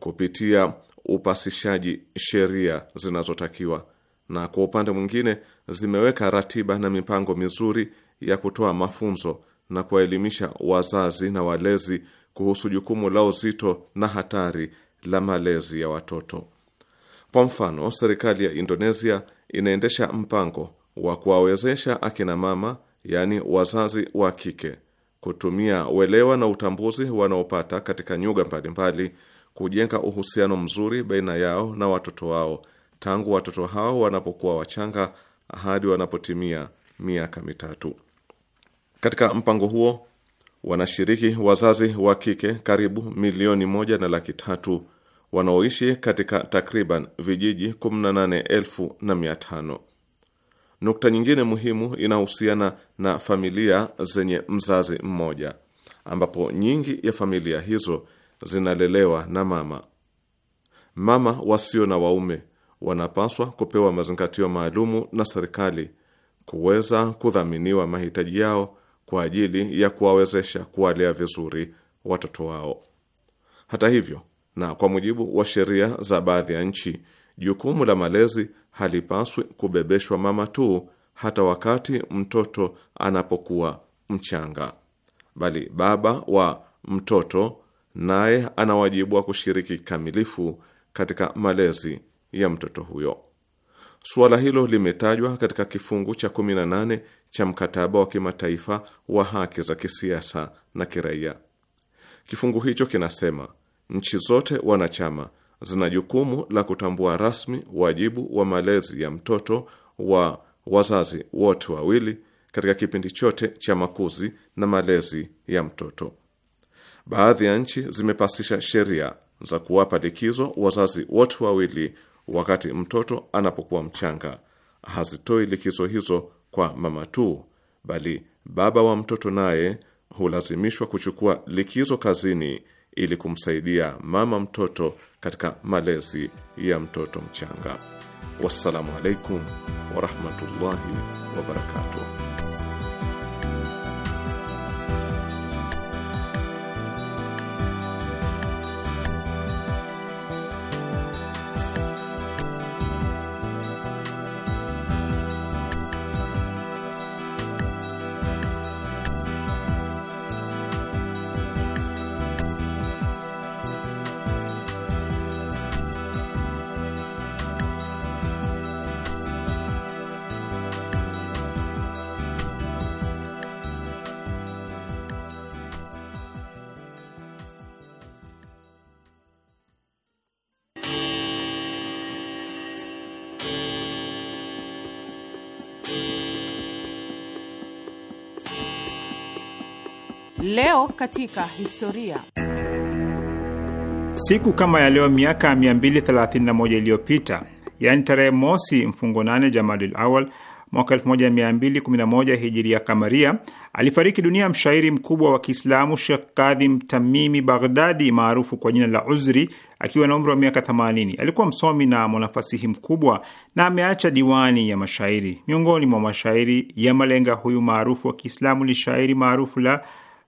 kupitia upasishaji sheria zinazotakiwa na kwa upande mwingine zimeweka ratiba na mipango mizuri ya kutoa mafunzo na kuwaelimisha wazazi na walezi kuhusu jukumu la uzito na hatari la malezi ya watoto. Kwa mfano, serikali ya Indonesia inaendesha mpango wa kuwawezesha akina mama, yaani wazazi wa kike, kutumia uelewa na utambuzi wanaopata katika nyuga mbalimbali kujenga uhusiano mzuri baina yao na watoto wao tangu watoto hao wanapokuwa wachanga hadi wanapotimia miaka mitatu. Katika mpango huo wanashiriki wazazi wa kike karibu milioni moja na laki tatu wanaoishi katika takriban vijiji kumi na Nukta nyingine muhimu inahusiana na familia zenye mzazi mmoja ambapo nyingi ya familia hizo zinalelewa na mama. Mama wasio na waume wanapaswa kupewa mazingatio maalumu na serikali kuweza kudhaminiwa mahitaji yao kwa ajili ya kuwawezesha kuwalea vizuri watoto wao. Hata hivyo, na kwa mujibu wa sheria za baadhi ya nchi, jukumu la malezi halipaswi kubebeshwa mama tu, hata wakati mtoto anapokuwa mchanga, bali baba wa mtoto naye ana wajibu wa kushiriki kikamilifu katika malezi ya mtoto huyo. Suala hilo limetajwa katika kifungu cha 18 cha mkataba wa kimataifa wa haki za kisiasa na kiraia. Kifungu hicho kinasema nchi zote wanachama zina jukumu la kutambua rasmi wajibu wa malezi ya mtoto wa wazazi wote wawili katika kipindi chote cha makuzi na malezi ya mtoto. Baadhi ya nchi zimepasisha sheria za kuwapa likizo wazazi wote wawili wakati mtoto anapokuwa mchanga, hazitoi likizo hizo kwa mama tu, bali baba wa mtoto naye hulazimishwa kuchukua likizo kazini ili kumsaidia mama mtoto katika malezi ya mtoto mchanga. Wassalamu alaikum warahmatullahi wabarakatuh. Leo katika historia. Siku kama ya leo miaka 231 iliyopita, yaani tarehe mosi mfungo 8 Jamadil Awal mwaka 1211 hijiria kamaria, alifariki dunia mshairi mkubwa wa Kiislamu Shekh Kadhim Tamimi Baghdadi maarufu kwa jina la Uzri akiwa na umri wa miaka 80. Alikuwa msomi na mwanafasihi mkubwa na ameacha diwani ya mashairi. Miongoni mwa mashairi ya malenga huyu maarufu wa Kiislamu ni shairi maarufu la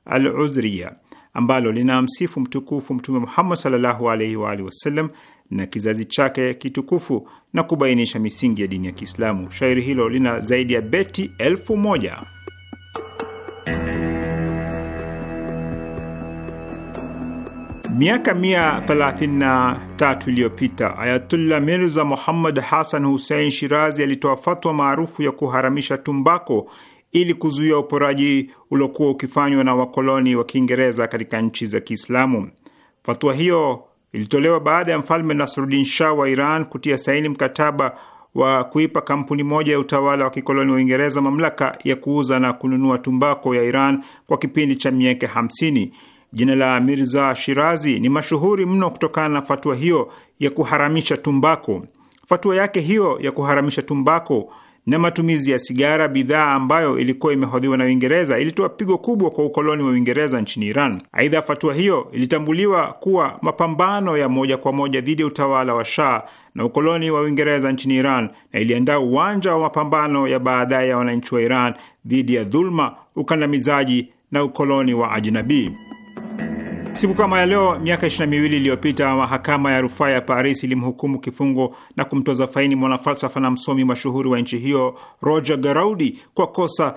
al-Uzriya ambalo linamsifu mtukufu Mtume Muhammad sallallahu alaihi wa alihi wasallam na kizazi chake kitukufu na kubainisha misingi ya dini ya Kiislamu. Shairi hilo lina zaidi ya beti elfu moja. Miaka tatu iliyopita Ayatullah Mirza Muhammad Hassan Hussein Shirazi alitoa fatwa maarufu ya kuharamisha tumbako ili kuzuia uporaji uliokuwa ukifanywa na wakoloni wa Kiingereza katika nchi za Kiislamu. Fatua hiyo ilitolewa baada ya mfalme Nasrudin Shah wa Iran kutia saini mkataba wa kuipa kampuni moja ya utawala wa kikoloni wa Uingereza mamlaka ya kuuza na kununua tumbako ya Iran kwa kipindi cha miaka 50. Jina la Mirza Shirazi ni mashuhuri mno kutokana na fatua hiyo ya kuharamisha tumbako. Fatua yake hiyo ya kuharamisha tumbako na matumizi ya sigara, bidhaa ambayo ilikuwa imehodhiwa na Uingereza, ilitoa pigo kubwa kwa ukoloni wa Uingereza nchini Iran. Aidha, fatua hiyo ilitambuliwa kuwa mapambano ya moja kwa moja dhidi ya utawala wa Shah na ukoloni wa Uingereza nchini Iran, na iliandaa uwanja wa mapambano ya baadaye ya wananchi wa Iran dhidi ya dhuluma, ukandamizaji na ukoloni wa ajnabii. Siku kama ya leo miaka ishirini na miwili iliyopita mahakama ya rufaa ya Paris ilimhukumu kifungo na kumtoza faini mwanafalsafa na msomi mashuhuri wa nchi hiyo Roger Garaudi kwa kosa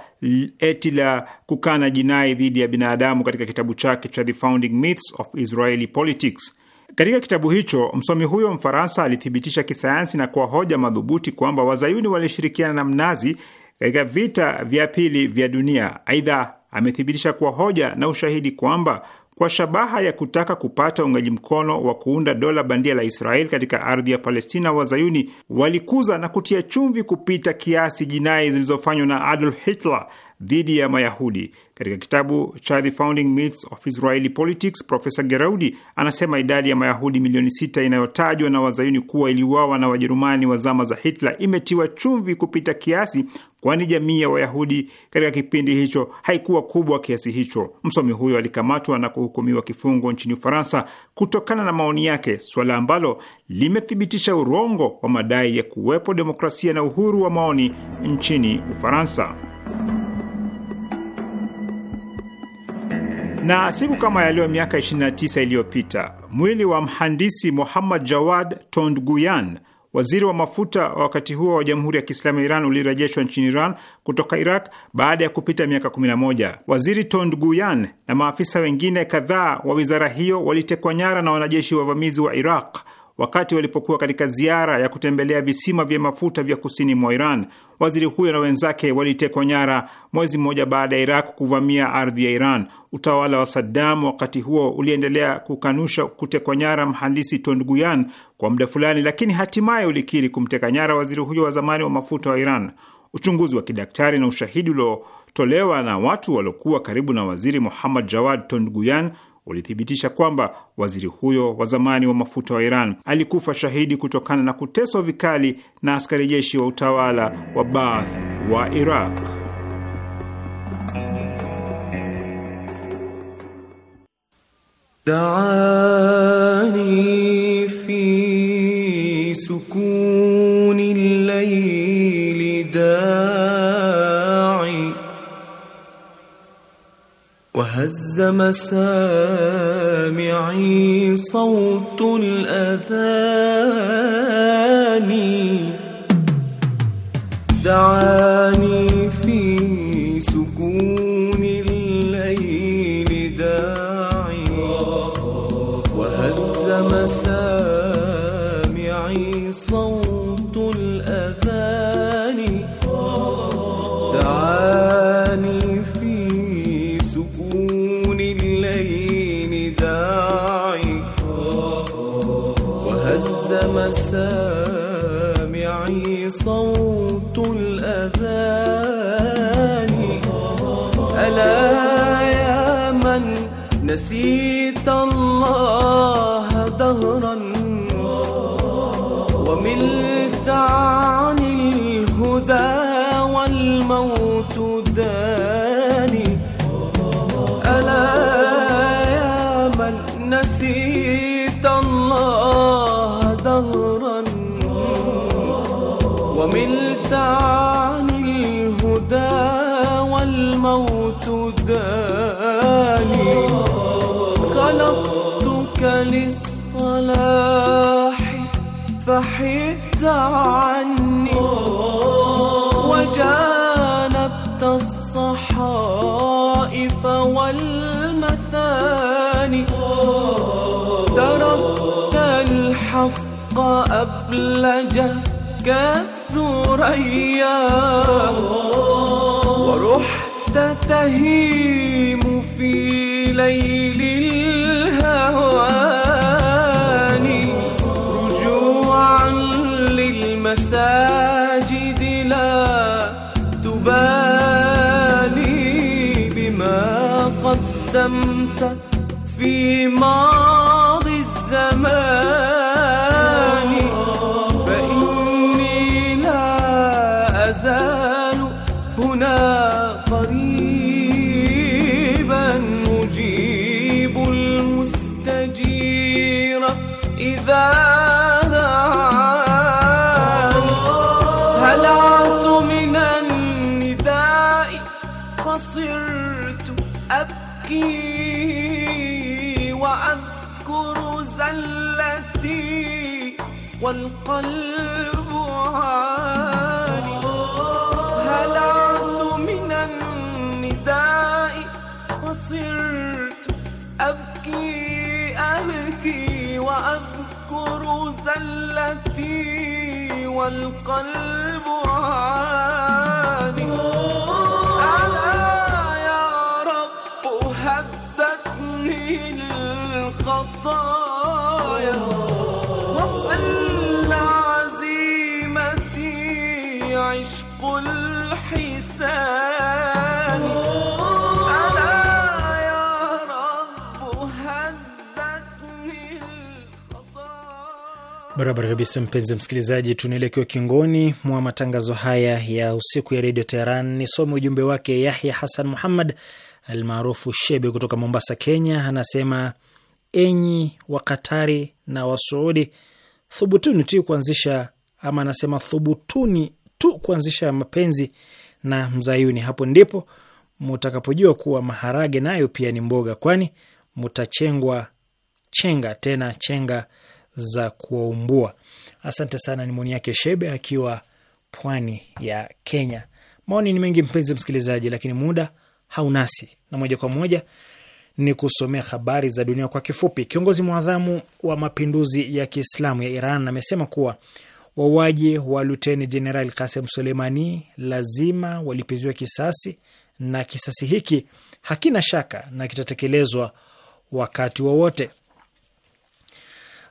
eti la kukana jinai dhidi ya binadamu katika kitabu chake cha The Founding Myths of Israeli Politics. Katika kitabu hicho msomi huyo Mfaransa alithibitisha kisayansi na kwa hoja madhubuti kwamba wazayuni walishirikiana na mnazi katika vita vya pili vya dunia. Aidha, amethibitisha kwa hoja na ushahidi kwamba kwa shabaha ya kutaka kupata uungaji mkono wa kuunda dola bandia la Israel katika ardhi ya Palestina. Wazayuni walikuza na kutia chumvi kupita kiasi jinai zilizofanywa na Adolf Hitler dhidi ya Mayahudi. Katika kitabu cha The Founding Myths of Israeli Politics, Profesa Geraudi anasema idadi ya Mayahudi milioni sita inayotajwa na wazayuni kuwa iliuawa na Wajerumani wa zama za Hitler imetiwa chumvi kupita kiasi, kwani jamii ya Wayahudi katika kipindi hicho haikuwa kubwa kiasi hicho. Msomi huyo alikamatwa na kuhukumiwa kifungo nchini Ufaransa kutokana na maoni yake, suala ambalo limethibitisha urongo wa madai ya kuwepo demokrasia na uhuru wa maoni nchini Ufaransa. Na siku kama yaliyo miaka 29 iliyopita mwili wa mhandisi Muhammad Jawad Tondguyan, waziri wa mafuta wa wakati huo wa Jamhuri ya Kiislamu ya Iran, ulirejeshwa nchini Iran kutoka Iraq baada ya kupita miaka 11. Waziri Tondguyan na maafisa wengine kadhaa wa wizara hiyo walitekwa nyara na wanajeshi wavamizi wa Iraq wakati walipokuwa katika ziara ya kutembelea visima vya mafuta vya kusini mwa Iran. Waziri huyo na wenzake walitekwa nyara mwezi mmoja baada ya Iraq kuvamia ardhi ya Iran. Utawala wa Saddam wakati huo uliendelea kukanusha kutekwa nyara mhandisi tondguyan kwa muda fulani, lakini hatimaye ulikiri kumteka nyara waziri huyo wa zamani wa mafuta wa Iran. Uchunguzi wa kidaktari na ushahidi uliotolewa na watu waliokuwa karibu na waziri Muhammad Jawad tondguyan ulithibitisha kwamba waziri huyo wa zamani wa mafuta wa Iran alikufa shahidi kutokana na kuteswa vikali na askari jeshi wa utawala wa Baath wa Iraq. Daani fi sukuni وهز مسامعي صوت الأذان دعاني دهرا وملت عن الهدى والموت داني خلقتك للصلاح فحيت عني وجاني أبلج كالثريا ورحت تهيم في ليل الهوان رجوعا للمساجد لا تبالي بما قدمت في ماضي والقلب عادي ألا يا رب هدتني الخطايا وأن عزيمتي عشق الحساب Barabara kabisa, mpenzi msikilizaji, tunaelekea kingoni mwa matangazo haya ya usiku ya redio Teheran. Nisome ujumbe wake Yahya Hasan Muhammad almaarufu Shebe kutoka Mombasa, Kenya. Anasema, enyi Wakatari na Wasuudi, thubutuni tu kuanzisha ama, anasema thubutuni tu kuanzisha mapenzi na Mzayuni, hapo ndipo mutakapojua kuwa maharage nayo pia ni mboga, kwani mutachengwa chenga tena chenga za kuwaumbua. Asante sana. Ni maoni yake Shebe akiwa pwani ya Kenya. Maoni ni mengi mpenzi msikilizaji, lakini muda haunasi, na moja kwa moja ni kusomea habari za dunia kwa kifupi. Kiongozi mwadhamu wa mapinduzi ya Kiislamu ya Iran amesema kuwa wauaji wa luteni jenerali Kasem Suleimani lazima walipiziwa kisasi na kisasi hiki hakina shaka na kitatekelezwa wakati wowote wa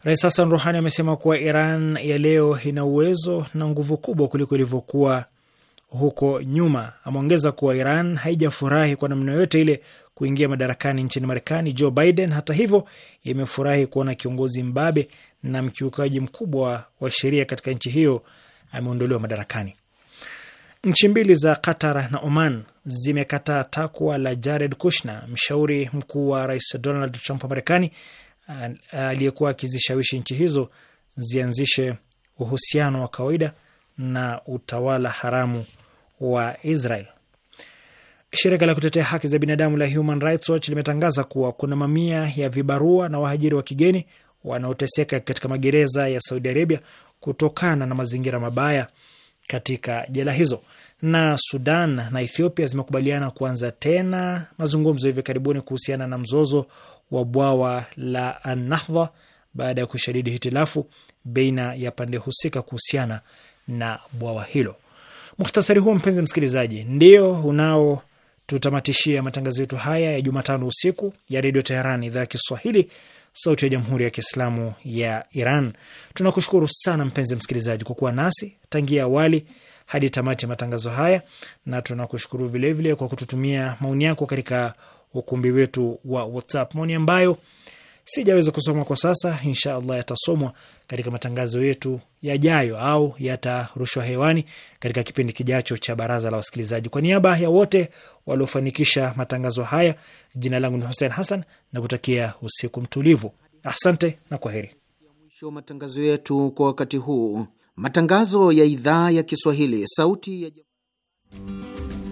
Rais Hassan Ruhani amesema kuwa Iran ya leo ina uwezo na nguvu kubwa kuliko ilivyokuwa huko nyuma. Ameongeza kuwa Iran haijafurahi kwa namna yoyote ile kuingia madarakani nchini Marekani Joe Biden. Hata hivyo, imefurahi kuona kiongozi mbabe na mkiukaji mkubwa wa sheria katika nchi hiyo ameondolewa madarakani. Nchi mbili za Qatar na Oman zimekataa takwa la Jared Kushner, mshauri mkuu wa rais Donald Trump wa Marekani, aliyekuwa akizishawishi nchi hizo zianzishe uhusiano wa kawaida na utawala haramu wa Israel. Shirika la kutetea haki za binadamu la Human Rights Watch limetangaza kuwa kuna mamia ya vibarua na wahajiri wa kigeni wanaoteseka katika magereza ya Saudi Arabia kutokana na mazingira mabaya katika jela hizo. Na Sudan na Ethiopia zimekubaliana kuanza tena mazungumzo hivi karibuni kuhusiana na mzozo wa bwawa la Anahdha baada ya kushadidi hitilafu baina ya pande husika kuhusiana na bwawa hilo. Mukhtasari huo mpenzi msikilizaji, ndio unaotutamatishia matangazo yetu haya ya Jumatano usiku ya Redio Teheran, idhaa ya Kiswahili, sauti ya Jamhuri ya Kiislamu ya Iran. Tunakushukuru sana mpenzi msikilizaji kwa kuwa nasi tangia awali hadi tamati ya matangazo haya, na tunakushukuru vilevile kwa kututumia maoni yako katika ukumbi wetu wa WhatsApp. Maoni ambayo sijaweza kusoma kwa sasa, insha allah yatasomwa katika matangazo yetu yajayo au yatarushwa hewani katika kipindi kijacho cha baraza la wasikilizaji. Kwa niaba ya wote waliofanikisha matangazo haya, jina langu ni Hussein Hassan na kutakia usiku mtulivu. Asante na kwa heri. Mwisho matangazo yetu kwa wakati huu. Matangazo ya idhaa ya Kiswahili, sauti ya